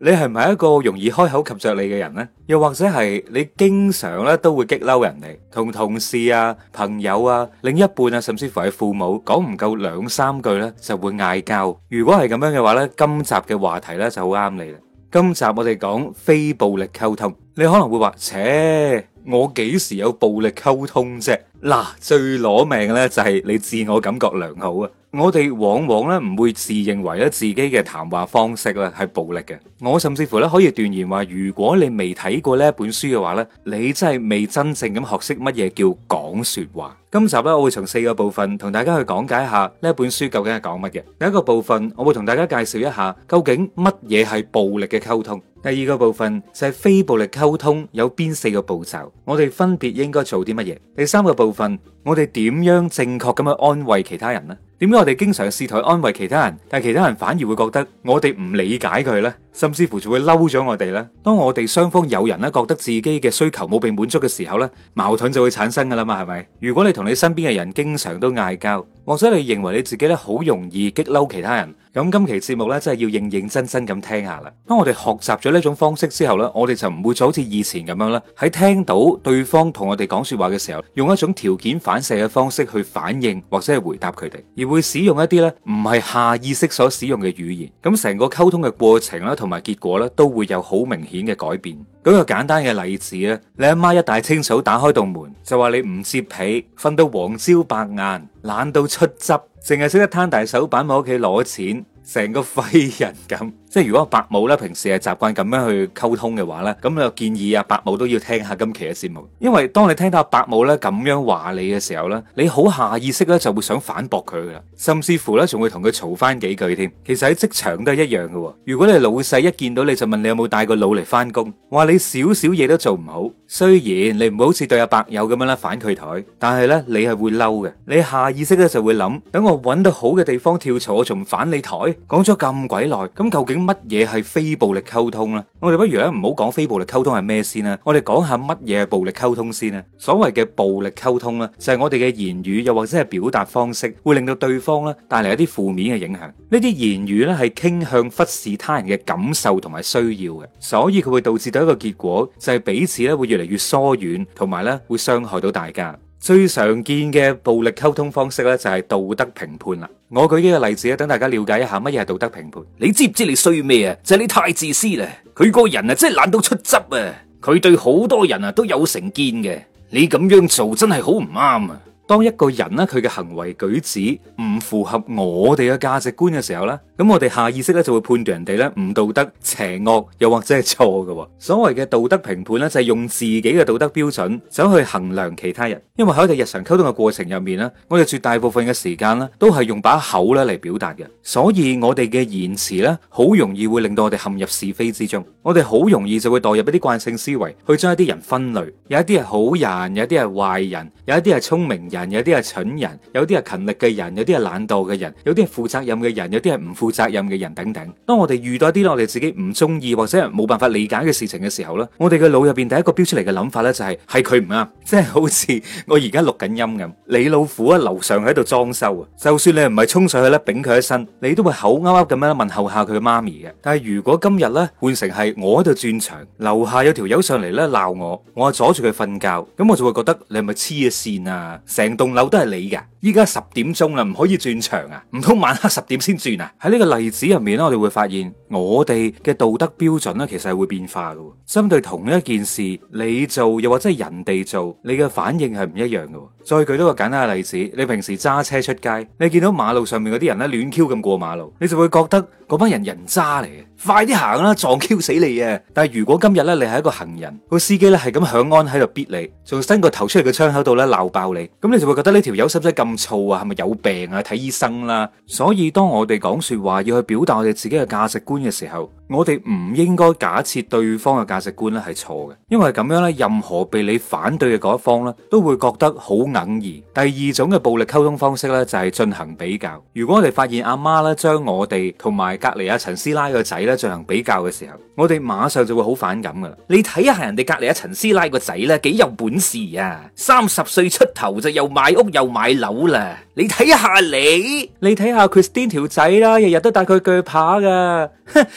你係唔係一個容易開口及著你嘅人咧？又或者係你經常咧都會激嬲人哋，同同事啊、朋友啊、另一半啊，甚至乎係父母，講唔夠兩三句咧就會嗌交。如果係咁樣嘅話咧，今集嘅話題咧就好啱你啦。今集我哋講非暴力溝通，你可能會話：「切，我幾時有暴力溝通啫？嗱，最攞命嘅咧就係你自我感覺良好啊！我哋往往咧唔會自認為咧自己嘅談話方式咧係暴力嘅。我甚至乎咧可以斷言話，如果你未睇過呢一本書嘅話咧，你真係未真正咁學識乜嘢叫講說話。今集咧我會從四個部分同大家去講解下呢一本書究竟係講乜嘢。第一個部分我會同大家介紹一下究竟乜嘢係暴力嘅溝通。第二個部分就係非暴力溝通有邊四個步驟，我哋分別應該做啲乜嘢。第三個部部分，我哋點樣正確咁去安慰其他人呢？點解我哋經常試圖去安慰其他人，但係其他人反而會覺得我哋唔理解佢呢？甚至乎就會嬲咗我哋呢？當我哋雙方有人咧覺得自己嘅需求冇被滿足嘅時候呢，矛盾就會產生噶啦嘛？係咪？如果你同你身邊嘅人經常都嗌交，或者你認為你自己咧好容易激嬲其他人。咁今期節目咧，真係要認認真真咁聽下啦。當我哋學習咗呢種方式之後呢，我哋就唔會再好似以前咁樣啦。喺聽到對方同我哋講說話嘅時候，用一種條件反射嘅方式去反應或者係回答佢哋，而會使用一啲呢唔係下意識所使用嘅語言。咁成個溝通嘅過程啦，同埋結果呢，都會有好明顯嘅改變。舉個簡單嘅例子啊，你阿媽一大清早打開道門就話你唔摺被，瞓到黃朝白晏，懶到出汁。淨係識得攤大手板喺屋企攞錢，成個廢人咁。即係如果白母咧，平時係習慣咁樣去溝通嘅話咧，咁我建議阿，白母都要聽下今期嘅節目，因為當你聽到白母咧咁樣話你嘅時候咧，你好下意識咧就會想反駁佢噶啦，甚至乎咧仲會同佢嘈翻幾句添。其實喺職場都係一樣噶。如果你係老細，一見到你就問你有冇帶個腦嚟翻工，話你少少嘢都做唔好，雖然你唔會好似對阿白友咁樣啦反佢台，但係咧你係會嬲嘅，你下意識咧就會諗，等我揾到好嘅地方跳槽，我仲唔反你台？講咗咁鬼耐，咁究竟？乜嘢係非暴力溝通咧？我哋不如咧唔好講非暴力溝通係咩先啦，我哋講下乜嘢係暴力溝通先啦。所謂嘅暴力溝通咧，就係我哋嘅言語又或者係表達方式，會令到對方咧帶嚟一啲負面嘅影響。呢啲言語咧係傾向忽視他人嘅感受同埋需要嘅，所以佢會導致到一個結果，就係彼此咧會越嚟越疏遠，同埋咧會傷害到大家。最常見嘅暴力溝通方式呢，就係道德評判啦。我舉幾個例子咧，等大家了解一下乜嘢係道德評判。你知唔知你衰咩啊？就係你太自私啦。佢個人啊，真係懶到出汁啊。佢對好多人啊，都有成見嘅。你咁樣做真係好唔啱啊！當一個人呢，佢嘅行為舉止唔符合我哋嘅價值觀嘅時候呢。咁我哋下意識咧就會判斷人哋咧唔道德、邪惡，又或者係錯嘅。所謂嘅道德評判咧，就係用自己嘅道德標準走去衡量其他人。因為喺我哋日常溝通嘅過程入面咧，我哋絕大部分嘅時間呢，都係用把口咧嚟表達嘅。所以我哋嘅言辭咧，好容易會令到我哋陷入是非之中。我哋好容易就會代入一啲慣性思維，去將一啲人分類，有一啲係好人，有一啲係壞人，有一啲係聰明人，有啲係蠢人，有啲係勤力嘅人，有啲係懶惰嘅人，有啲係負責任嘅人，有啲係唔負負責任嘅人等等，當我哋遇到一啲咧，我哋自己唔中意或者係冇辦法理解嘅事情嘅時候咧，我哋嘅腦入邊第一個標出嚟嘅諗法咧就係係佢唔啱，即係好似我而家錄緊音咁，你老虎啊樓上喺度裝修啊，就算你唔係衝上去咧，頂佢一身，你都會口啱啱咁樣問候下佢嘅媽咪嘅。但係如果今日咧換成係我喺度轉牆，樓下有條友上嚟咧鬧我，我阻住佢瞓覺，咁我就會覺得你係咪黐咗線啊？成棟樓都係你噶，依家十點鐘啦，唔可以轉牆啊？唔通晚黑十點先轉啊？喺呢？呢個例子入面咧，我哋會發現我哋嘅道德標準咧，其實，係會變化嘅。針對同一件事，你做又或者係人哋做，你嘅反應，係唔一樣嘅。再舉多個簡單嘅例子，你平時揸車出街，你見到馬路上面嗰啲人咧亂 Q 咁過馬路，你就會覺得嗰班人人渣嚟嘅。快啲行啦，撞 Q 死你啊！但係如果今日咧，你係一個行人，個司機咧係咁響安喺度逼你，仲伸個頭出嚟嘅窗口度咧鬧爆你，咁你就會覺得呢條友使唔使咁燥啊，係咪有病啊？睇醫生啦，啊！所以當我哋講說話要去表達我哋自己嘅價值觀嘅時候，我哋唔應該假設對方嘅價值觀咧係錯嘅，因為咁樣咧，任何被你反對嘅嗰一方咧都會覺得好。等二，第二種嘅暴力溝通方式呢，就係、是、進行比較。如果我哋發現阿媽呢，將我哋同埋隔籬阿陳師奶個仔呢，進行比較嘅時候，我哋馬上就會好反感噶。你睇下人哋隔籬阿陳師奶個仔呢，幾有本事啊！三十歲出頭就又買屋又買樓啦。你睇下 你，你睇下 Kristen 條仔啦，日日都帶佢鋸扒噶，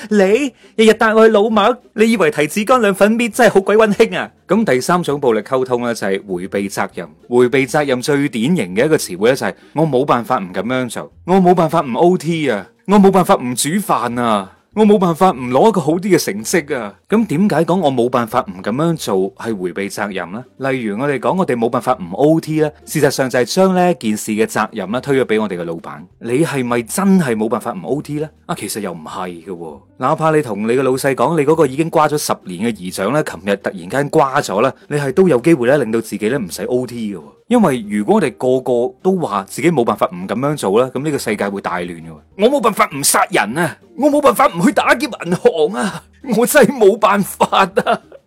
你日日帶我去老麥，你以為提子乾兩粉麵真係好鬼溫馨啊？咁第三種暴力溝通咧就係、是、回避責任，回避責任最典型嘅一個詞彙咧就係、是、我冇辦法唔咁樣做，我冇辦法唔 OT 啊，我冇辦法唔煮飯啊。我冇辦法唔攞一個好啲嘅成績啊！咁點解講我冇辦法唔咁樣做係回避責任呢？例如我哋講我哋冇辦法唔 OT 啦，事實上就係將呢件事嘅責任啦推咗俾我哋嘅老闆。你係咪真係冇辦法唔 OT 呢？啊，其實又唔係嘅。哪怕你同你嘅老細講，你嗰個已經瓜咗十年嘅姨丈，呢琴日突然間瓜咗啦，你係都有機會呢令到自己呢唔使 O T 嘅，因為如果我哋個個都話自己冇辦法唔咁樣做呢，咁呢個世界會大亂嘅。我冇辦法唔殺人啊！我冇辦法唔去打劫銀行啊！我真係冇辦法啊！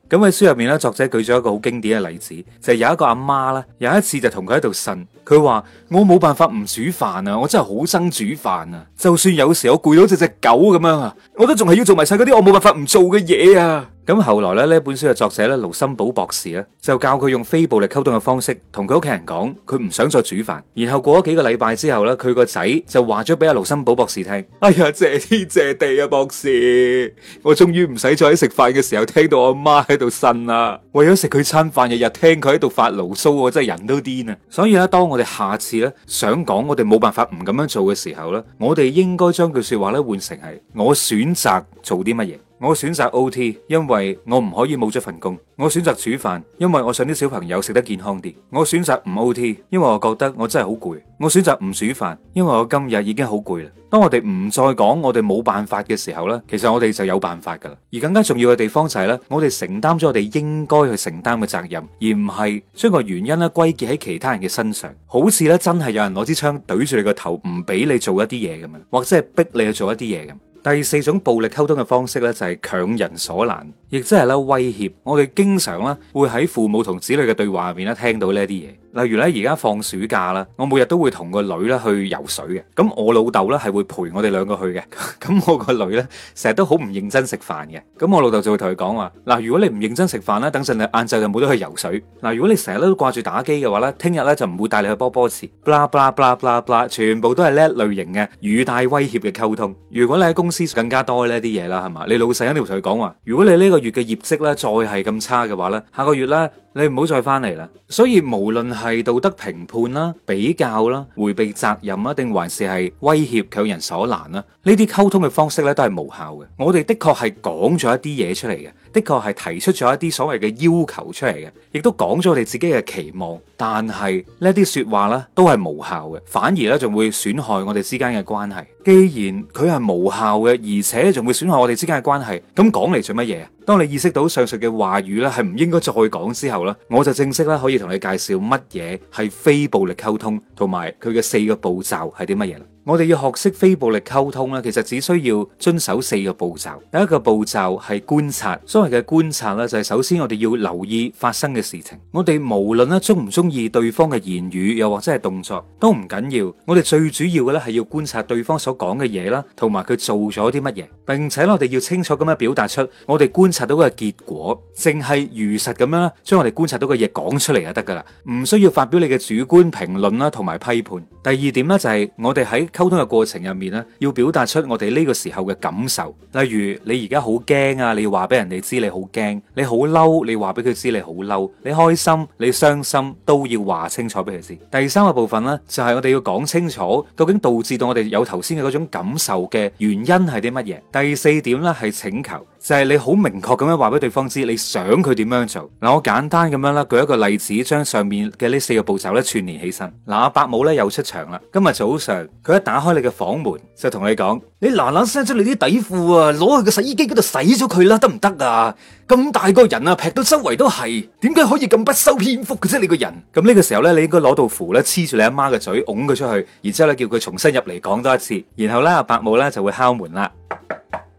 咁喺書入面咧，作者舉咗一個好經典嘅例子，就係有一個阿媽咧，有一次就同佢喺度呻，佢話我冇辦法唔煮飯啊，我真係好憎煮飯啊，就算有時我攰到隻隻狗咁樣啊，我都仲係要做埋晒嗰啲我冇辦法唔做嘅嘢啊。咁後來咧，呢本書嘅作者咧，盧森堡博士咧，就教佢用非暴力溝通嘅方式，同佢屋企人講，佢唔想再煮飯。然後過咗幾個禮拜之後咧，佢個仔就話咗俾阿盧森堡博士聽：，哎呀，謝天謝地啊，博士，我終於唔使再喺食飯嘅時候聽到我阿媽喺度呻啦。為咗食佢餐飯，日日聽佢喺度發牢騷，我真係人都癲啊！所以咧，當我哋下次咧想講，我哋冇辦法唔咁樣做嘅時候咧，我哋應該將句說話咧換成係：，我選擇做啲乜嘢。我選擇 O T，因為我唔可以冇咗份工。我選擇煮飯，因為我想啲小朋友食得健康啲。我選擇唔 O T，因為我覺得我真係好攰。我選擇唔煮飯，因為我今日已經好攰啦。當我哋唔再講我哋冇辦法嘅時候咧,其實我哋就有辦法噶啦。而更加重要嘅地方就係咧，我哋承擔咗我哋應該去承擔嘅責任，而唔係將個原因咧歸結喺其他人嘅身上。好似咧真係有人攞支槍懟住你個頭，唔俾你做一啲嘢咁樣，或者係逼你去做一啲嘢咁。第四種暴力溝通嘅方式呢，就係強人所難。亦即係咧威脅，我哋經常咧會喺父母同子女嘅對話入面咧聽到呢一啲嘢，例如咧而家放暑假啦，我每日都會同個女咧去游水嘅，咁我老豆咧係會陪我哋兩個去嘅，咁我個女咧成日都好唔認真食飯嘅，咁我老豆就會同佢講話，嗱如果你唔認真食飯咧，等陣你晏晝就冇得去游水，嗱如果你成日都掛住打機嘅話咧，聽日咧就唔會帶你去波波池 bla bla bla bla bla，全部都係呢類型嘅語帶威脅嘅溝通。如果你喺公司更加多呢啲嘢啦，係嘛？你老細肯定同佢講話，如果你呢個月嘅業績咧，再係咁差嘅話咧，下個月咧，你唔好再翻嚟啦！所以無論係道德評判啦、比較啦、回避責任啊，定還是係威脅、強人所難啦，呢啲溝通嘅方式咧都係無效嘅。我哋的確係講咗一啲嘢出嚟嘅，的確係提出咗一啲所謂嘅要求出嚟嘅，亦都講咗我哋自己嘅期望。但係呢啲說話咧都係無效嘅，反而咧仲會損害我哋之間嘅關係。既然佢係無效嘅，而且仲會損害我哋之間嘅關係，咁講嚟做乜嘢？當你意識到上述嘅話語咧係唔應該再講之後。我就正式啦，可以同你介紹乜嘢係非暴力溝通，同埋佢嘅四個步驟係啲乜嘢？我哋要學識非暴力溝通咧，其實只需要遵守四個步驟。第一個步驟係觀察，所謂嘅觀察咧，就係首先我哋要留意發生嘅事情。我哋無論咧中唔中意對方嘅言語，又或者係動作都唔緊要。我哋最主要嘅咧係要觀察對方所講嘅嘢啦，同埋佢做咗啲乜嘢，並且我哋要清楚咁樣表達出我哋觀察到嘅結果，淨係如實咁樣咧，將我哋觀察到嘅嘢講出嚟就得噶啦，唔需要發表你嘅主觀評論啦，同埋批判。第二點咧就係我哋喺溝通嘅過程入面咧，要表達出我哋呢個時候嘅感受。例如你而家好驚啊，你要話俾人哋知你好驚；你好嬲，你話俾佢知你好嬲；你開心，你傷心都要話清楚俾佢知。第三個部分呢，就係我哋要講清楚，究竟導致到我哋有頭先嘅嗰種感受嘅原因係啲乜嘢。第四點呢，係請求。就係你好明確咁樣話俾對方知你想佢點樣做。嗱，我簡單咁樣啦，舉一個例子，將上面嘅呢四個步驟咧串聯起身。嗱，阿伯母咧又出場啦。今日早上佢一打開你嘅房門，就同你講：你嗱嗱聲出你啲底褲啊，攞去個洗衣機嗰度洗咗佢啦，得唔得啊？咁大個人啊，劈到周圍都係，點解可以咁不修邊幅嘅啫？你個人咁呢個時候咧，你應該攞到符咧黐住你阿媽嘅嘴，拱佢出去，然之後咧叫佢重新入嚟講多一次，然後咧阿伯母咧就會敲門啦。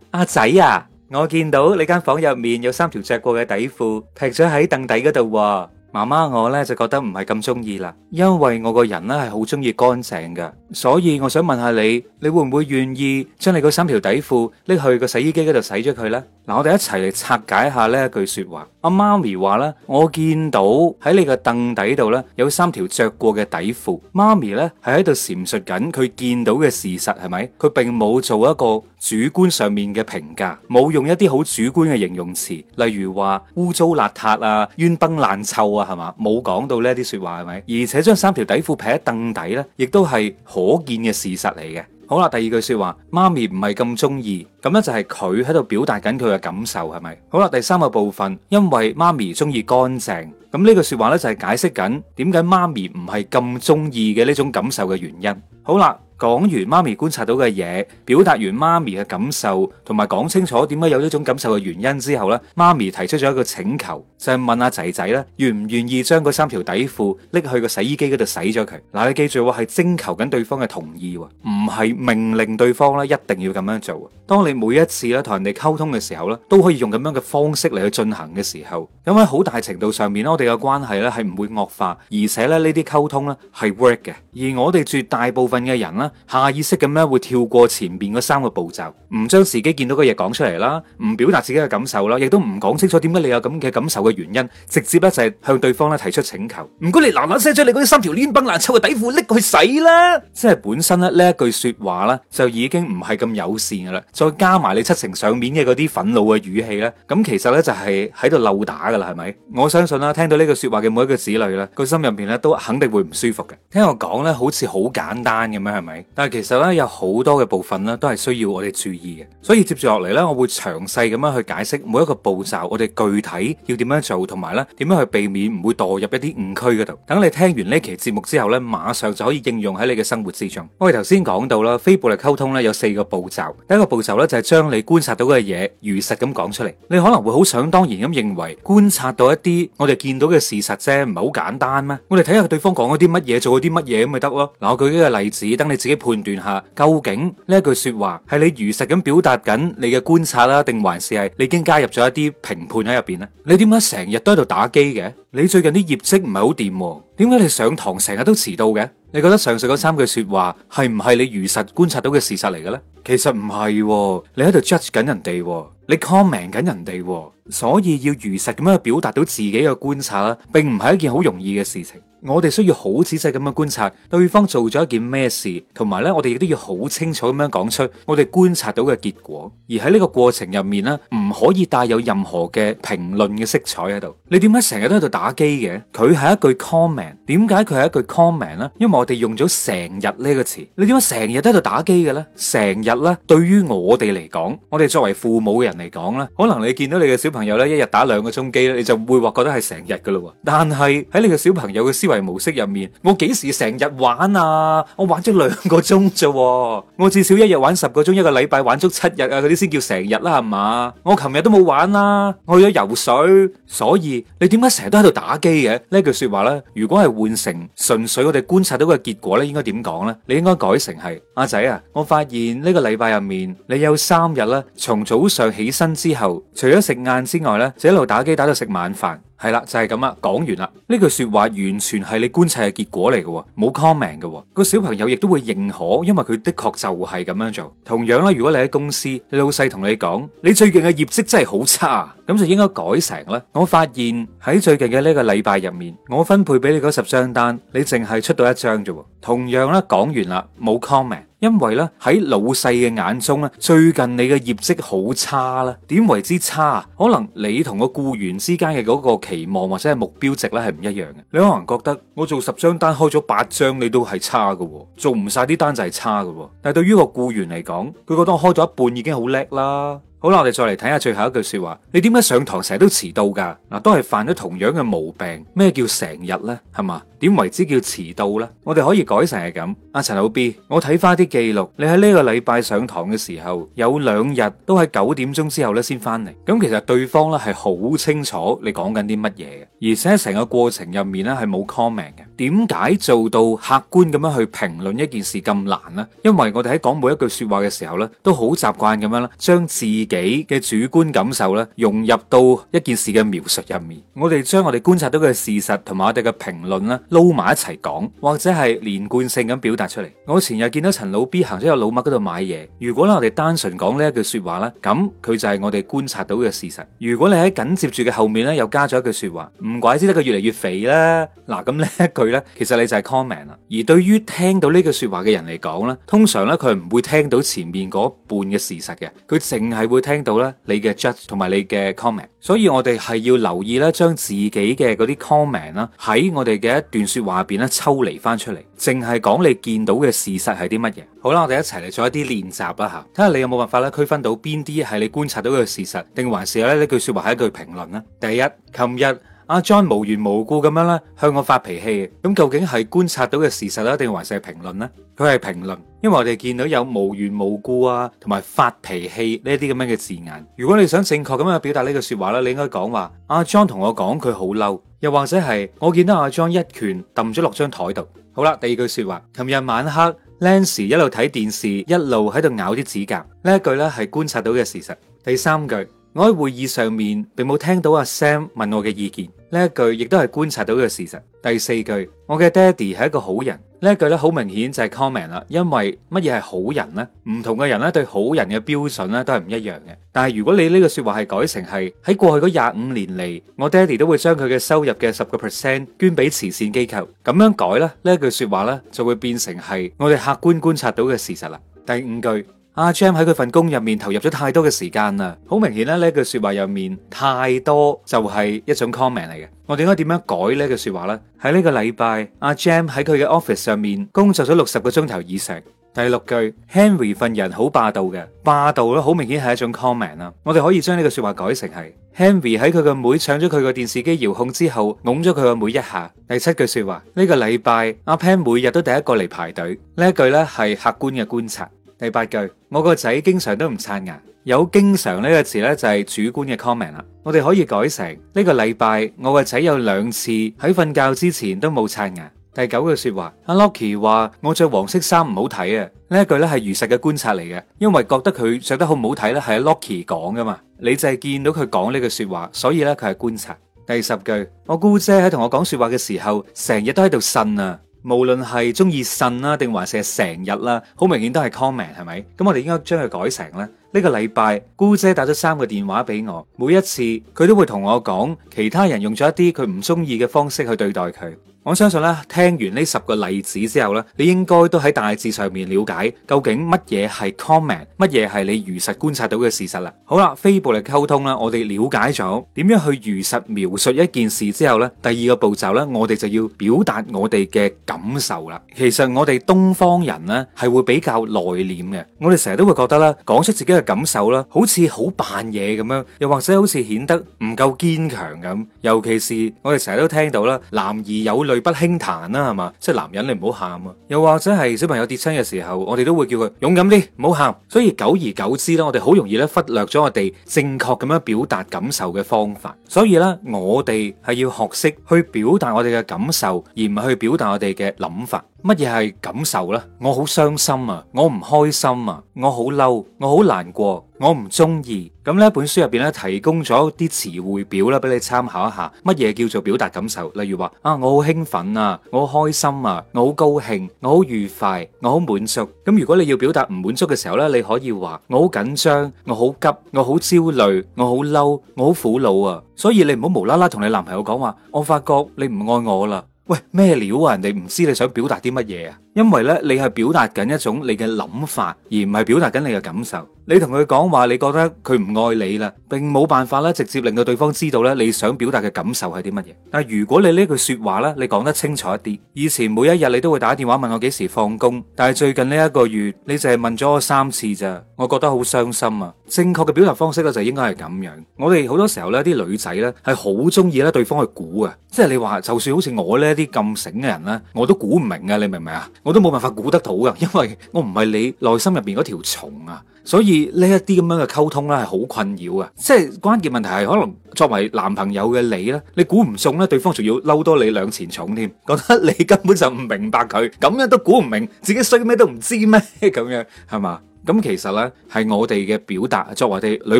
阿仔啊！我見到你間房入面有三條着過嘅底褲，撇咗喺凳底嗰度。媽媽我呢就覺得唔係咁中意啦，因為我個人呢係好中意乾淨嘅，所以我想問下你，你會唔會願意將你嗰三條底褲拎去個洗衣機嗰度洗咗佢呢？嗱，我哋一齊嚟拆解下呢一句說話。阿媽咪話呢，我見到喺你個凳底度呢，有三條着過嘅底褲。媽咪呢，係喺度闡述緊佢見到嘅事實，係咪？佢並冇做一個主觀上面嘅評價，冇用一啲好主觀嘅形容詞，例如話污糟邋遢啊、冤崩爛臭啊，係嘛？冇講到呢啲說話，係咪？而且將三條底褲撇喺凳底呢，亦都係可見嘅事實嚟嘅。好啦，第二句說話，媽咪唔係咁中意，咁咧就係佢喺度表達緊佢嘅感受，係咪？好啦，第三個部分，因為媽咪中意乾淨，咁呢句說話咧就係解釋緊點解媽咪唔係咁中意嘅呢種感受嘅原因。好啦。講完媽咪觀察到嘅嘢，表達完媽咪嘅感受，同埋講清楚點解有呢種感受嘅原因之後呢，媽咪提出咗一個請求，就係問阿仔仔呢，願唔願意將嗰三條底褲拎去個洗衣機嗰度洗咗佢？嗱，你記住喎，係徵求緊對方嘅同意，唔係命令對方咧一定要咁樣做。當你每一次咧同人哋溝通嘅時候呢，都可以用咁樣嘅方式嚟去進行嘅時候，咁喺好大程度上面，我哋嘅關係呢係唔會惡化，而且咧呢啲溝通呢係 work 嘅。而我哋絕大部分嘅人咧。下意識咁樣會跳過前邊嗰三個步驟，唔將自己見到嘅嘢講出嚟啦，唔表達自己嘅感受啦，亦都唔講清楚點解你有咁嘅感受嘅原因，直接咧就係向對方咧提出請求，唔該你嗱嗱聲將你嗰啲三條黏崩爛臭嘅底褲拎去洗啦，即係本身咧呢一句說話咧就已經唔係咁友善噶啦，再加埋你七情上面嘅嗰啲憤怒嘅語氣咧，咁其實咧就係喺度毆打噶啦，係咪？我相信啦、啊，聽到呢句說話嘅每一個子女咧，個心入邊咧都肯定會唔舒服嘅。聽我講咧，好似好簡單咁樣，係咪？但係其實咧有好多嘅部分咧都係需要我哋注意嘅，所以接住落嚟咧我會詳細咁樣去解釋每一個步驟，我哋具體要點樣做，同埋咧點樣去避免唔會墮入一啲誤區嗰度。等你聽完呢期節目之後咧，馬上就可以應用喺你嘅生活之中。我哋頭先講到啦，非暴力溝通咧有四個步驟，第一個步驟咧就係將你觀察到嘅嘢如實咁講出嚟。你可能會好想當然咁認為觀察到一啲我哋見到嘅事實啫，唔係好簡單咩？我哋睇下對方講咗啲乜嘢，做咗啲乜嘢咁咪得咯。嗱，我舉呢個例子，等你。自己判斷下，究竟呢一句說話係你如實咁表達緊你嘅觀察啦，定還是係你已經加入咗一啲評判喺入邊咧？你點解成日都喺度打機嘅？你最近啲業績唔係好掂，點解你上堂成日都遲到嘅？你覺得上述嗰三句說話係唔係你如實觀察到嘅事實嚟嘅咧？其實唔係喎，你喺度 judge 緊人哋，你 comment 緊人哋。所以要如實咁樣表達到自己嘅觀察啦，並唔係一件好容易嘅事情。我哋需要好仔細咁樣觀察對方做咗一件咩事，同埋咧，我哋亦都要好清楚咁樣講出我哋觀察到嘅結果。而喺呢個過程入面咧，唔可以帶有任何嘅評論嘅色彩喺度。你點解成日都喺度打機嘅？佢係一句 comment，點解佢係一句 comment 呢？因為我哋用咗成日呢個詞。你點解成日都喺度打機嘅咧？成日咧，對於我哋嚟講，我哋作為父母嘅人嚟講咧，可能你見到你嘅小。朋友咧，一日打兩個鐘機咧，你就會話覺得係成日噶咯。但係喺你個小朋友嘅思維模式入面，我幾時成日玩啊？我玩咗兩個鐘咋？我至少一日玩十個鐘，一個禮拜玩足七日啊，嗰啲先叫成日啦，係嘛？我琴日都冇玩啦，去咗游水。所以你點解成日都喺度打機嘅？呢一句說話咧，如果係換成純粹我哋觀察到嘅結果咧，應該點講呢？你應該改成係阿仔啊，我發現呢個禮拜入面，你有三日咧，從早上起身之後，除咗食晏。之外呢，一路打機打到食晚飯，係啦，就係咁啦。講完啦，呢句說話完全係你觀察嘅結果嚟嘅，冇 comment 嘅。個小朋友亦都會認可，因為佢的確就係咁樣做。同樣啦，如果你喺公司，你老細同你講，你最近嘅業績真係好差，咁就應該改成啦。我發現喺最近嘅呢個禮拜入面，我分配俾你嗰十張單，你淨係出到一張啫。同樣啦，講完啦，冇 comment。因為咧，喺老細嘅眼中咧，最近你嘅業績好差啦。點為之差？可能你同個僱員之間嘅嗰個期望或者係目標值咧係唔一樣嘅。你可能覺得我做十張單開咗八張，你都係差嘅，做唔晒啲單就係差嘅。但係對於個僱員嚟講，佢覺得我開咗一半已經好叻啦。好啦，我哋再嚟睇下最後一句說話。你點解上堂成日都遲到噶？嗱，都係犯咗同樣嘅毛病。咩叫成日呢？係嘛？點為之叫遲到呢？我哋可以改成係咁，阿、啊、陳老 B，我睇返啲記錄，你喺呢個禮拜上堂嘅時候，有兩日都喺九點鐘之後呢先返嚟。咁其實對方呢係好清楚你講緊啲乜嘢嘅，而且成個過程入面呢係冇 comment 嘅。點解做到客觀咁樣去評論一件事咁難呢？因為我哋喺講每一句説話嘅時候呢，都好習慣咁樣咧，將自己嘅主觀感受呢融入到一件事嘅描述入面。我哋將我哋觀察到嘅事實同埋我哋嘅評論呢，撈埋一齊講，或者係連貫性咁表達出嚟。我前日見到陳老 B 行咗入老麥嗰度買嘢。如果咧我哋單純講呢一句説話咧，咁佢就係我哋觀察到嘅事實。如果你喺緊接住嘅後面呢，又加咗一句説話，唔怪之得佢越嚟越肥啦。嗱，咁呢一句呢，其實你就係 comment 啦。而對於聽到呢句話説話嘅人嚟講咧，通常呢，佢唔會聽到前面嗰半嘅事實嘅，佢淨係會聽到咧你嘅 judge 同埋你嘅 comment。所以我哋係要留意咧，將自己嘅嗰啲 comment 啦，喺我哋嘅段說話入邊咧抽離翻出嚟，淨係講你見到嘅事實係啲乜嘢。好啦，我哋一齊嚟做一啲練習啦吓，睇下你有冇辦法咧區分到邊啲係你觀察到嘅事實，定還是咧呢句說話係一句評論呢？第一，琴日。阿 John 無緣無故咁樣咧向我發脾氣，咁究竟係觀察到嘅事實咧，定還是係評論咧？佢係評論，因為我哋見到有無緣無故啊，同埋發脾氣呢啲咁樣嘅字眼。如果你想正確咁樣表達呢句說話咧，你應該講話，阿 John 同我講佢好嬲，又或者係我見到阿、啊、John 一拳揼咗落張台度。好啦，第二句說話，琴日晚黑 Lance 一路睇電視，一路喺度咬啲指甲。呢一句咧係觀察到嘅事實。第三句，我喺會議上面並冇聽到阿 Sam 問我嘅意見，呢一句亦都係觀察到嘅事實。第四句，我嘅爹哋係一個好人，呢一句咧好明顯就係 comment 啦，因為乜嘢係好人呢？唔同嘅人咧對好人嘅標準咧都係唔一樣嘅。但係如果你呢個說話係改成係喺過去嗰廿五年嚟，我爹哋都會將佢嘅收入嘅十個 percent 捐俾慈善機構，咁樣改咧呢一句說話咧就會變成係我哋客觀觀察到嘅事實啦。第五句。阿、ah, Jam 喺佢份工入面投入咗太多嘅時間啦，好明顯咧呢句說話入面太多就係一種 comment 嚟嘅。我哋應該點樣改呢句說話呢？喺呢個禮拜，阿、ah, Jam 喺佢嘅 office 上面工作咗六十個鐘頭以上。第六句，Henry 份人好霸道嘅，霸道咯，好明顯係一種 comment 啦。我哋可以將呢個說話改成係 Henry 喺佢個妹搶咗佢個電視機遙控之後，拱咗佢個妹一下。第七句說話，呢、這個禮拜阿、ah, Pan 每日都第一個嚟排隊。呢一句咧係客觀嘅觀察。第八句，我個仔經常都唔刷牙，有經常呢個詞呢，就係主觀嘅 comment 啦。我哋可以改成呢個禮拜我個仔有兩次喺瞓覺之前都冇刷牙。第九句說話，阿 Locky 話我着黃色衫唔好睇啊，呢一句呢係如實嘅觀察嚟嘅，因為覺得佢着得好唔好睇呢係 Locky 講噶嘛，你就係見到佢講呢句說話，所以呢，佢係觀察。第十句，我姑姐喺同我講說話嘅時候，成日都喺度呻啊。無論係中意信啦，定還是成日啦，好明顯都係 comment 係咪？咁我哋應該將佢改成咧。呢、這個禮拜姑姐打咗三個電話俾我，每一次佢都會同我講，其他人用咗一啲佢唔中意嘅方式去對待佢。我相信咧，聽完呢十個例子之後咧，你應該都喺大致上面了解究竟乜嘢係 comment，乜嘢係你如實觀察到嘅事實啦。好啦，非暴力溝通啦，我哋了解咗點樣去如實描述一件事之後呢，第二個步驟呢，我哋就要表達我哋嘅感受啦。其實我哋東方人呢係會比較內斂嘅，我哋成日都會覺得咧，講出自己嘅感受啦，好似好扮嘢咁樣，又或者好似顯得唔夠堅強咁。尤其是我哋成日都聽到啦，男兒有淚。不輕彈啦，係嘛？即係男人你唔好喊啊，又或者係小朋友跌親嘅時候，我哋都會叫佢勇敢啲，唔好喊。所以久而久之咧，我哋好容易咧忽略咗我哋正確咁樣表達感受嘅方法。所以咧，我哋係要學識去表達我哋嘅感受，而唔係去表達我哋嘅諗法。乜嘢係感受呢？我好傷心啊！我唔開心啊！我好嬲！我好難過！我唔中意。咁呢本書入邊咧，提供咗啲詞彙表啦，俾你參考一下。乜嘢叫做表達感受？例如話啊，我好興奮啊，我好開心啊，我好高興，我好愉快，我好滿足。咁如果你要表達唔滿足嘅時候呢，你可以話我好緊張，我好急，我好焦慮，我好嬲，我好苦惱啊。所以你唔好無啦啦同你男朋友講話，我發覺你唔愛我啦。喂，咩料啊？人哋唔知你想表達啲乜嘢啊！因為咧，你係表達緊一種你嘅諗法，而唔係表達緊你嘅感受。你同佢講話，你覺得佢唔愛你啦，並冇辦法咧，直接令到對方知道咧，你想表達嘅感受係啲乜嘢。但係如果你呢句說話咧，你講得清楚一啲。以前每一日你都會打電話問我幾時放工，但係最近呢一個月，你淨係問咗我三次咋，我覺得好傷心啊。正確嘅表達方式咧，就應該係咁樣。我哋好多時候咧，啲女仔咧係好中意咧，對方去估啊，即係你話，就算好似我呢啲咁醒嘅人咧，我都估唔明啊，你明唔明啊？我都冇辦法估得到噶，因為我唔係你內心入邊嗰條蟲啊，所以呢一啲咁樣嘅溝通咧係好困擾啊。即係關鍵問題係可能作為男朋友嘅你咧，你估唔中咧，對方仲要嬲多你兩錢重添，覺得你根本就唔明白佢，咁樣都估唔明自己衰咩都唔知咩，咁樣係嘛？咁其實呢，係我哋嘅表達，作為我哋女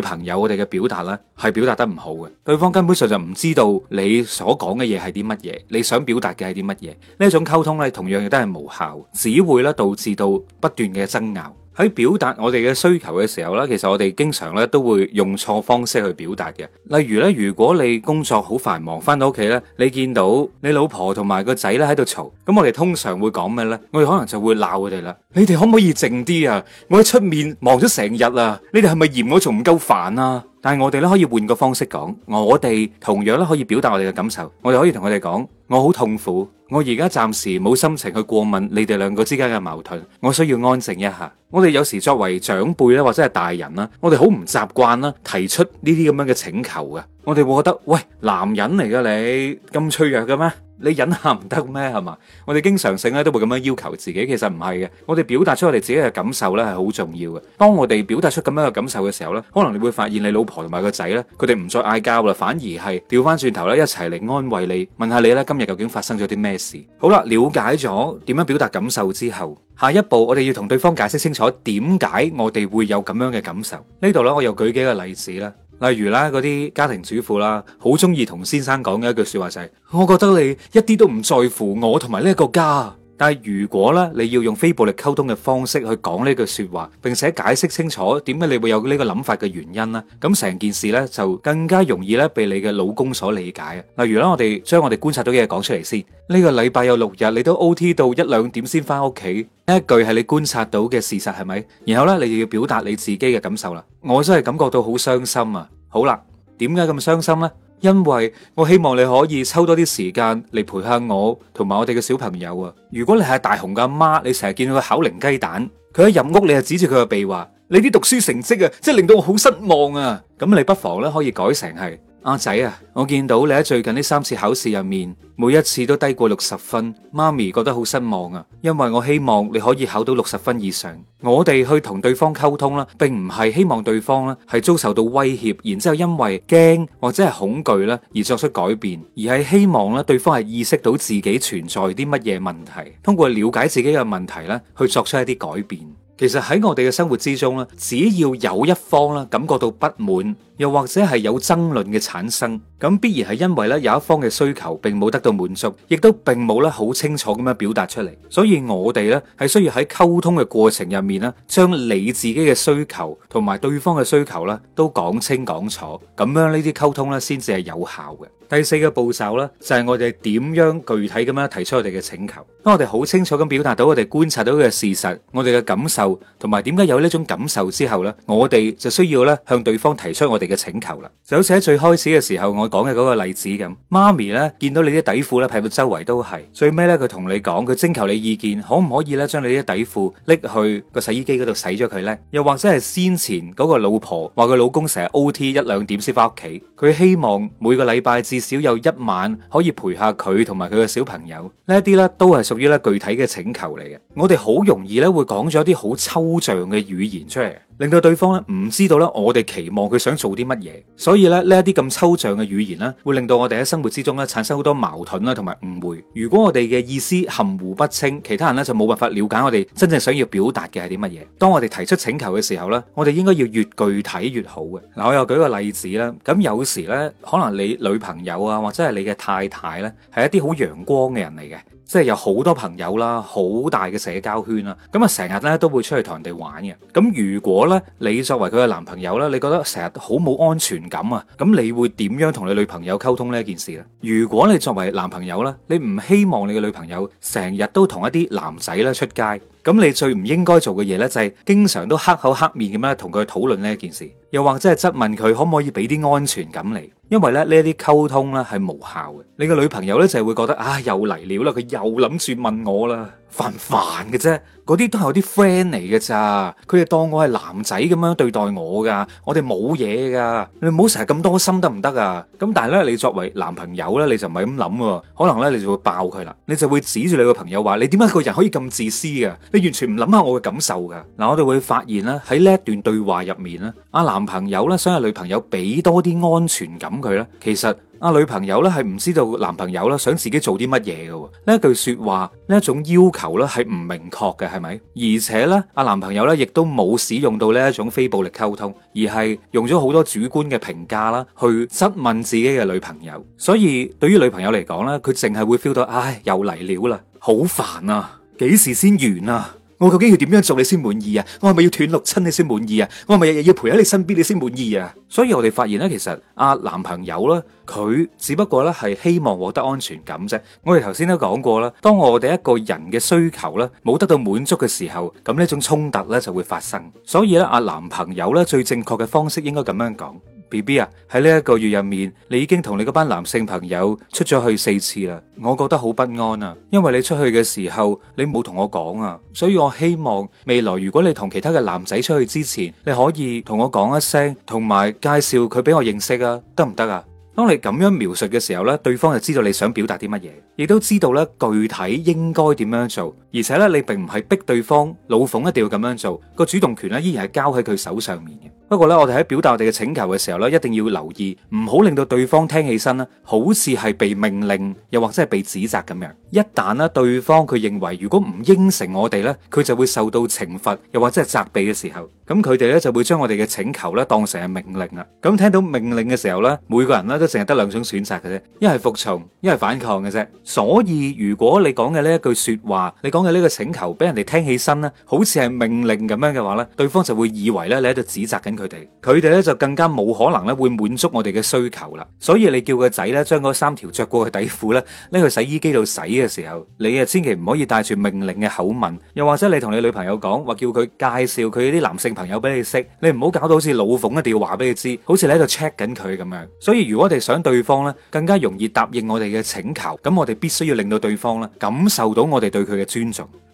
朋友，我哋嘅表達咧，係表達得唔好嘅。對方根本上就唔知道你所講嘅嘢係啲乜嘢，你想表達嘅係啲乜嘢。呢一種溝通呢，同樣亦都係無效，只會咧導致到不斷嘅爭拗。喺表達我哋嘅需求嘅時候呢，其實我哋經常呢都會用錯方式去表達嘅。例如呢，如果你工作好繁忙，翻到屋企呢，你見到你老婆同埋個仔呢喺度嘈，咁我哋通常會講咩呢？我哋可能就會鬧佢哋啦。你哋可唔可以靜啲啊？我喺出面忙咗成日啊，你哋係咪嫌我仲唔夠煩啊？但係我哋呢可以換個方式講，我哋同樣呢可以表達我哋嘅感受。我哋可以同佢哋講，我好痛苦。我而家暫時冇心情去過問你哋兩個之間嘅矛盾，我需要安靜一下。我哋有時作為長輩咧，或者係大人啦，我哋好唔習慣啦提出呢啲咁樣嘅請求嘅，我哋會覺得喂，男人嚟噶你咁脆弱嘅咩？你忍下唔得咩？係嘛？我哋經常性咧都會咁樣要求自己，其實唔係嘅。我哋表達出我哋自己嘅感受咧，係好重要嘅。當我哋表達出咁樣嘅感受嘅時候咧，可能你會發現你老婆同埋個仔咧，佢哋唔再嗌交啦，反而係調翻轉頭咧，一齊嚟安慰你，問下你咧今日究竟發生咗啲咩事。好啦，了解咗點樣表達感受之後，下一步我哋要同對方解釋清楚點解我哋會有咁樣嘅感受。呢度咧，我又舉幾個例子啦。例如啦，嗰啲家庭主婦啦，好中意同先生講嘅一句説話就係：我覺得你一啲都唔在乎我同埋呢個家。但係如果咧，你要用非暴力溝通嘅方式去講呢句說話，並且解釋清楚點解你會有呢個諗法嘅原因啦，咁成件事呢就更加容易咧被你嘅老公所理解啊。例如啦，我哋將我哋觀察到嘅嘢講出嚟先。呢個禮拜有六日，你都 OT 到一兩點先翻屋企，呢一句係你觀察到嘅事實係咪？然後呢，你就要表達你自己嘅感受啦。我真係感覺到好傷心啊！好啦，點解咁傷心呢？因為我希望你可以抽多啲時間嚟，陪下我同埋我哋嘅小朋友啊！如果你係大雄嘅阿媽，你成日見到佢考零雞蛋，佢喺入屋你又指住佢個鼻話：你啲讀書成績啊，即係令到我好失望啊！咁你不妨咧可以改成係。阿、啊、仔啊，我見到你喺最近呢三次考試入面，每一次都低過六十分，媽咪覺得好失望啊。因為我希望你可以考到六十分以上。我哋去同對方溝通啦，並唔係希望對方啦係遭受到威脅，然之後因為驚或者係恐懼啦而作出改變，而係希望咧對方係意識到自己存在啲乜嘢問題，通過了解自己嘅問題咧去作出一啲改變。其實喺我哋嘅生活之中咧，只要有一方咧感覺到不滿，又或者係有爭論嘅產生。咁必然係因為咧有一方嘅需求並冇得到滿足，亦都並冇咧好清楚咁樣表達出嚟。所以我哋咧係需要喺溝通嘅過程入面咧，將你自己嘅需求同埋對方嘅需求咧都講清講楚，咁樣呢啲溝通咧先至係有效嘅。第四個步驟咧就係我哋點樣具體咁樣提出我哋嘅請求。當我哋好清楚咁表達到我哋觀察到嘅事實、我哋嘅感受同埋點解有呢種感受之後咧，我哋就需要咧向對方提出我哋嘅請求啦。就好似喺最開始嘅時候我。講嘅嗰個例子咁，媽咪呢見到你啲底褲呢，撇到周圍都係，最尾呢，佢同你講，佢徵求你意見，可唔可以呢將你啲底褲拎去個洗衣機嗰度洗咗佢呢？又或者係先前嗰個老婆話佢老公成日 OT 一兩點先翻屋企，佢希望每個禮拜至少有一晚可以陪下佢同埋佢嘅小朋友，呢一啲呢都係屬於咧具體嘅請求嚟嘅。我哋好容易呢會講咗啲好抽象嘅語言出嚟。令到對方咧唔知道咧，我哋期望佢想做啲乜嘢，所以咧呢一啲咁抽象嘅語言咧，會令到我哋喺生活之中咧產生好多矛盾啦，同埋誤會。如果我哋嘅意思含糊不清，其他人咧就冇辦法了解我哋真正想要表達嘅係啲乜嘢。當我哋提出請求嘅時候咧，我哋應該要越具體越好嘅。嗱，我又舉個例子啦。咁有時咧，可能你女朋友啊，或者係你嘅太太咧，係一啲好陽光嘅人嚟嘅。即係有好多朋友啦，好大嘅社交圈啦，咁啊成日咧都會出去同人哋玩嘅。咁如果咧你作為佢嘅男朋友咧，你覺得成日好冇安全感啊，咁你會點樣同你女朋友溝通呢一件事咧？如果你作為男朋友咧，你唔希望你嘅女朋友成日都同一啲男仔咧出街。咁你最唔應該做嘅嘢呢，就係經常都黑口黑面咁樣同佢討論呢件事，又或者係質問佢可唔可以俾啲安全感你，因為咧呢啲溝通咧係無效嘅。你個女朋友呢，就會覺得啊，又嚟了啦，佢又諗住問我啦。煩唔煩嘅啫，嗰啲都係我啲 friend 嚟嘅咋，佢哋當我係男仔咁樣對待我噶，我哋冇嘢噶，你唔好成日咁多心得唔得啊？咁但係咧，你作為男朋友咧，你就唔係咁諗喎，可能咧你就會爆佢啦，你就會指住你個朋友話，你點解個人可以咁自私㗎？你完全唔諗下我嘅感受噶。嗱，我哋會發現咧，喺呢一段對話入面咧，阿男朋友咧想阿女朋友俾多啲安全感佢咧，其實。阿女朋友咧係唔知道男朋友咧，想自己做啲乜嘢嘅。呢一句說話，呢一種要求咧係唔明確嘅，係咪？而且咧，阿男朋友咧亦都冇使用到呢一種非暴力溝通，而係用咗好多主觀嘅評價啦，去質問自己嘅女朋友。所以對於女朋友嚟講咧，佢淨係會 feel 到唉，又嚟料啦，好煩啊，幾時先完啊？我究竟要點樣做你先滿意啊？我係咪要斷六親你先滿意啊？我係咪日日要陪喺你身邊你先滿意啊？所以我哋發現咧，其實阿男朋友咧，佢只不過咧係希望獲得安全感啫。我哋頭先都講過啦，當我哋一個人嘅需求咧冇得到滿足嘅時候，咁呢一種衝突咧就會發生。所以咧，阿男朋友咧最正確嘅方式應該咁樣講。B B 啊，喺呢一個月入面，你已經同你嗰班男性朋友出咗去四次啦。我覺得好不安啊，因為你出去嘅時候你冇同我講啊，所以我希望未來如果你同其他嘅男仔出去之前，你可以同我講一聲，同埋介紹佢俾我認識啊，得唔得啊？當你咁樣描述嘅時候咧，對方就知道你想表達啲乜嘢，亦都知道咧具體應該點樣做，而且咧你並唔係逼對方老馮一定要咁樣做，個主動權咧依然係交喺佢手上面嘅。不過咧，我哋喺表達我哋嘅請求嘅時候咧，一定要留意，唔好令到對方聽起身咧，好似係被命令，又或者係被指責咁樣。一旦呢，對方佢認為如果唔應承我哋呢，佢就會受到懲罰，又或者係責備嘅時候，咁佢哋呢就會將我哋嘅請求呢當成係命令啦！咁聽到命令嘅時候呢，每個人呢都淨係得兩種選擇嘅啫，一係服從，一係反抗嘅啫。所以如果你講嘅呢一句說話，你講嘅呢個請求俾人哋聽起身呢，好似係命令咁樣嘅話呢，對方就會以為呢，你喺度指責緊。佢哋，佢哋咧就更加冇可能咧會滿足我哋嘅需求啦。所以你叫個仔咧，將嗰三條着過嘅底褲咧，拎去洗衣機度洗嘅時候，你啊千祈唔可以帶住命令嘅口吻。又或者你同你女朋友講，或叫佢介紹佢啲男性朋友俾你識，你唔好搞到好似老馮一定要話俾你知，好似你喺度 check 緊佢咁樣。所以如果我哋想對方咧更加容易答應我哋嘅請求，咁我哋必須要令到對方咧感受到我哋對佢嘅尊重。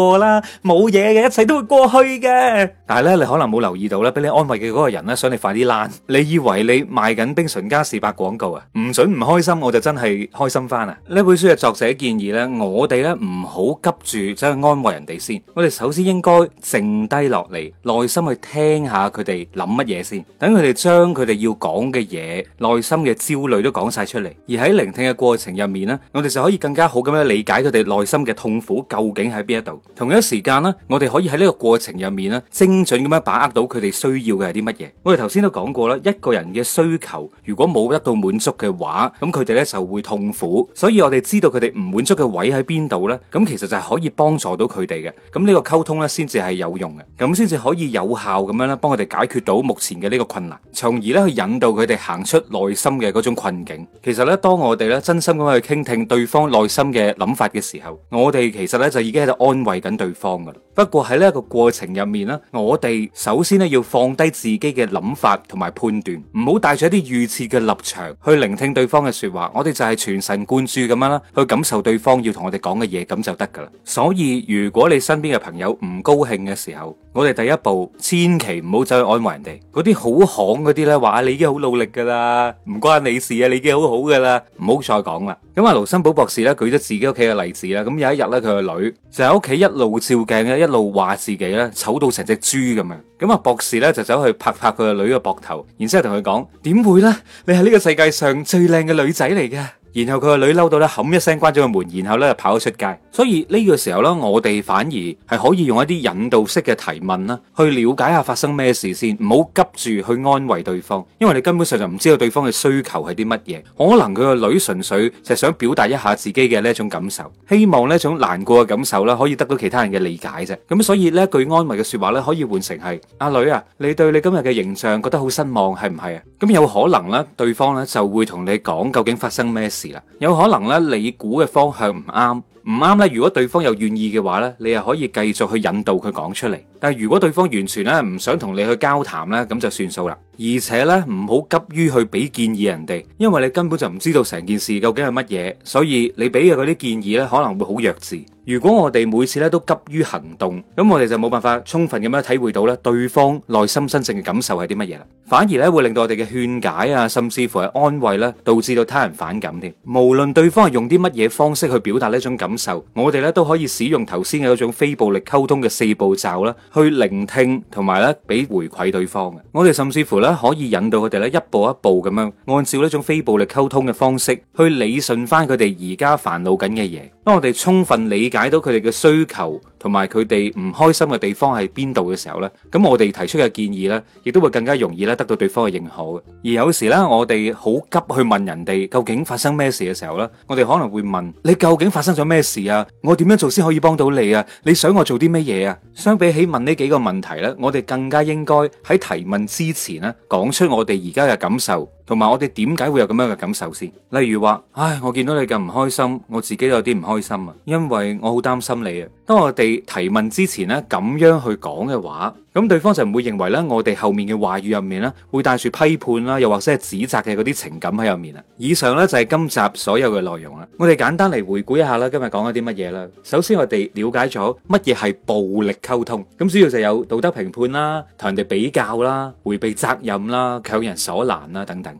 過啦，冇嘢嘅，一切都會過去嘅。但係咧，你可能冇留意到咧，俾你安慰嘅嗰個人咧，想你快啲爛。你以為你賣緊冰純嘉士伯廣告啊？唔准唔開心，我就真係開心翻啊！呢本書嘅作者建議咧，我哋咧唔好急住走去安慰人哋先，我哋首先應該靜低落嚟，耐心去聽下佢哋諗乜嘢先。等佢哋將佢哋要講嘅嘢，內心嘅焦慮都講晒出嚟。而喺聆聽嘅過程入面咧，我哋就可以更加好咁樣理解佢哋內心嘅痛苦究竟喺邊一度。同一時間咧，我哋可以喺呢個過程入面咧，精準咁樣把握到佢哋需要嘅係啲乜嘢。我哋頭先都講過啦，一個人嘅需求如果冇得到滿足嘅話，咁佢哋咧就會痛苦。所以我哋知道佢哋唔滿足嘅位喺邊度呢？咁其實就係可以幫助到佢哋嘅。咁呢個溝通咧，先至係有用嘅，咁先至可以有效咁樣咧，幫佢哋解決到目前嘅呢個困難，從而咧去引導佢哋行出內心嘅嗰種困境。其實呢，當我哋咧真心咁樣去傾聽對方內心嘅諗法嘅時候，我哋其實呢就已經喺度安慰緊對方噶啦，不過喺呢一個過程入面咧，我哋首先咧要放低自己嘅諗法同埋判斷，唔好帶住一啲預設嘅立場去聆聽對方嘅說話，我哋就係全神貫注咁樣啦，去感受對方要同我哋講嘅嘢咁就得噶啦。所以如果你身邊嘅朋友唔高興嘅時候，我哋第一步，千祈唔好走去安慰人哋。嗰啲好巷嗰啲咧，話你已經好努力噶啦，唔關你事啊，你已經，你你已經好好噶啦，唔好再講啦。咁啊，盧森堡博士咧舉咗自己屋企嘅例子啦。咁有一日咧，佢個女就喺屋企一路照鏡咧，一路話自己咧醜到成隻豬咁樣。咁啊，博士咧就走去拍拍佢個女嘅膊頭，然之後同佢講：點會咧？你係呢個世界上最靚嘅女仔嚟嘅。然後佢個女嬲到咧，冚一聲關咗個門，然後咧就跑咗出街。所以呢個時候咧，我哋反而係可以用一啲引導式嘅提問啦，去了解下發生咩事先，唔好急住去安慰對方，因為你根本上就唔知道對方嘅需求係啲乜嘢。可能佢個女純粹就係想表達一下自己嘅呢一種感受，希望呢種難過嘅感受啦，可以得到其他人嘅理解啫。咁所以呢句安慰嘅說話咧，可以換成係：阿女啊，你對你今日嘅形象覺得好失望，係唔係啊？咁有可能咧，對方咧就會同你講究竟發生咩事。有可能咧，你估嘅方向唔啱。唔啱咧，如果對方又願意嘅話咧，你又可以繼續去引導佢講出嚟。但係如果對方完全咧唔想同你去交談咧，咁就算數啦。而且咧唔好急於去俾建議人哋，因為你根本就唔知道成件事究竟係乜嘢，所以你俾嘅嗰啲建議咧可能會好弱智。如果我哋每次咧都急於行動，咁我哋就冇辦法充分咁樣體會到咧對方內心真正嘅感受係啲乜嘢啦。反而咧會令到我哋嘅勸解啊，甚至乎係安慰咧，導致到他人反感添。無論對方係用啲乜嘢方式去表達呢種感，感受，我哋咧都可以使用頭先嘅嗰種非暴力溝通嘅四步驟啦，去聆聽同埋咧俾回饋對方嘅。我哋甚至乎咧可以引導佢哋咧一步一步咁樣，按照呢種非暴力溝通嘅方式去理順翻佢哋而家煩惱緊嘅嘢。當我哋充分理解到佢哋嘅需求同埋佢哋唔開心嘅地方喺邊度嘅時候咧，咁我哋提出嘅建議咧，亦都會更加容易咧得到對方嘅認可。而有時咧，我哋好急去問人哋究竟發生咩事嘅時候咧，我哋可能會問：你究竟發生咗咩嘅事啊，我點樣做先可以幫到你啊？你想我做啲乜嘢啊？相比起問呢幾個問題咧，我哋更加應該喺提問之前咧，講出我哋而家嘅感受。同埋我哋點解會有咁樣嘅感受先？例如話，唉，我見到你咁唔開心，我自己都有啲唔開心啊，因為我好擔心你啊。當我哋提問之前呢，咁樣去講嘅話，咁對方就唔會認為呢，我哋後面嘅話語入面呢，會帶住批判啦，又或者係指責嘅嗰啲情感喺入面啊。以上呢，就係今集所有嘅內容啦。我哋簡單嚟回顧一下啦，今日講咗啲乜嘢啦？首先我哋了解咗乜嘢係暴力溝通，咁主要就有道德評判啦、同人哋比較啦、回避責任啦、強人所難啦等等。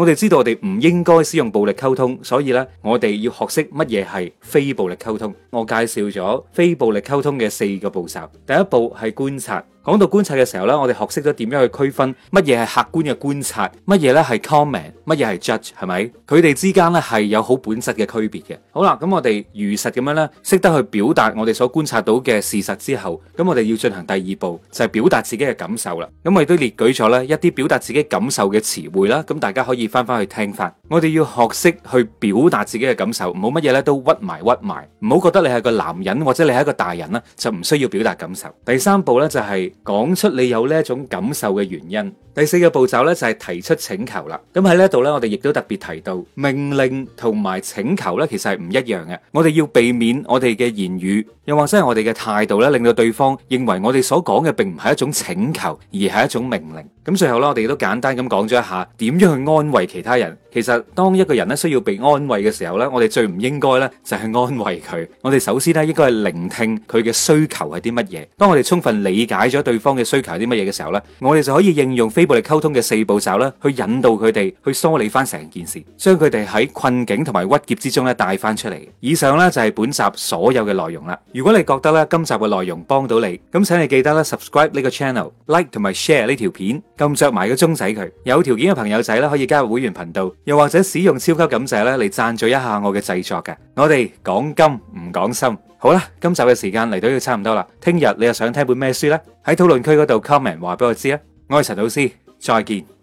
我哋知道我哋唔應該使用暴力溝通，所以咧，我哋要學識乜嘢係非暴力溝通。我介紹咗非暴力溝通嘅四個步驟。第一步係觀察。講到觀察嘅時候咧，我哋學識咗點樣去區分乜嘢係客觀嘅觀察，乜嘢咧係 comment，乜嘢係 judge，係咪？佢哋之間咧係有好本質嘅區別嘅。好啦，咁我哋如實咁樣咧，識得去表達我哋所觀察到嘅事實之後，咁我哋要進行第二步就係表達自己嘅感受啦。咁我亦都列舉咗咧一啲表達自己感受嘅詞彙啦。咁大家可以。翻翻去聽翻，我哋要學識去表達自己嘅感受，冇乜嘢咧都屈埋屈埋，唔好覺得你係個男人或者你係一個大人啦，就唔需要表達感受。第三步咧就係講出你有呢一種感受嘅原因。第四個步驟咧就係提出請求啦。咁喺呢一度咧，我哋亦都特別提到命令同埋請求咧，其實係唔一樣嘅。我哋要避免我哋嘅言語又或者係我哋嘅態度咧，令到對方認為我哋所講嘅並唔係一種請求，而係一種命令。咁最後咧，我哋都簡單咁講咗一下點樣去安為其他人。其實當一個人咧需要被安慰嘅時候咧，我哋最唔應該咧就係安慰佢。我哋首先咧應該係聆聽佢嘅需求係啲乜嘢。當我哋充分理解咗對方嘅需求係啲乜嘢嘅時候咧，我哋就可以應用非暴力溝通嘅四步驟咧，去引導佢哋去梳理翻成件事，將佢哋喺困境同埋鬱結之中咧帶翻出嚟。以上咧就係本集所有嘅內容啦。如果你覺得咧今集嘅內容幫到你，咁請你記得咧 subscribe 呢個 channel，like 同埋 share 呢條片，撳著埋個鐘仔佢。有條件嘅朋友仔咧可以加入會員頻道。又或者使用超級感謝咧嚟贊助一下我嘅製作嘅，我哋講金唔講心。好啦，今集嘅時間嚟到要差唔多啦，聽日你又想聽本咩書呢？喺討論區嗰度 comment 話俾我知啊！我係陳老師，再見。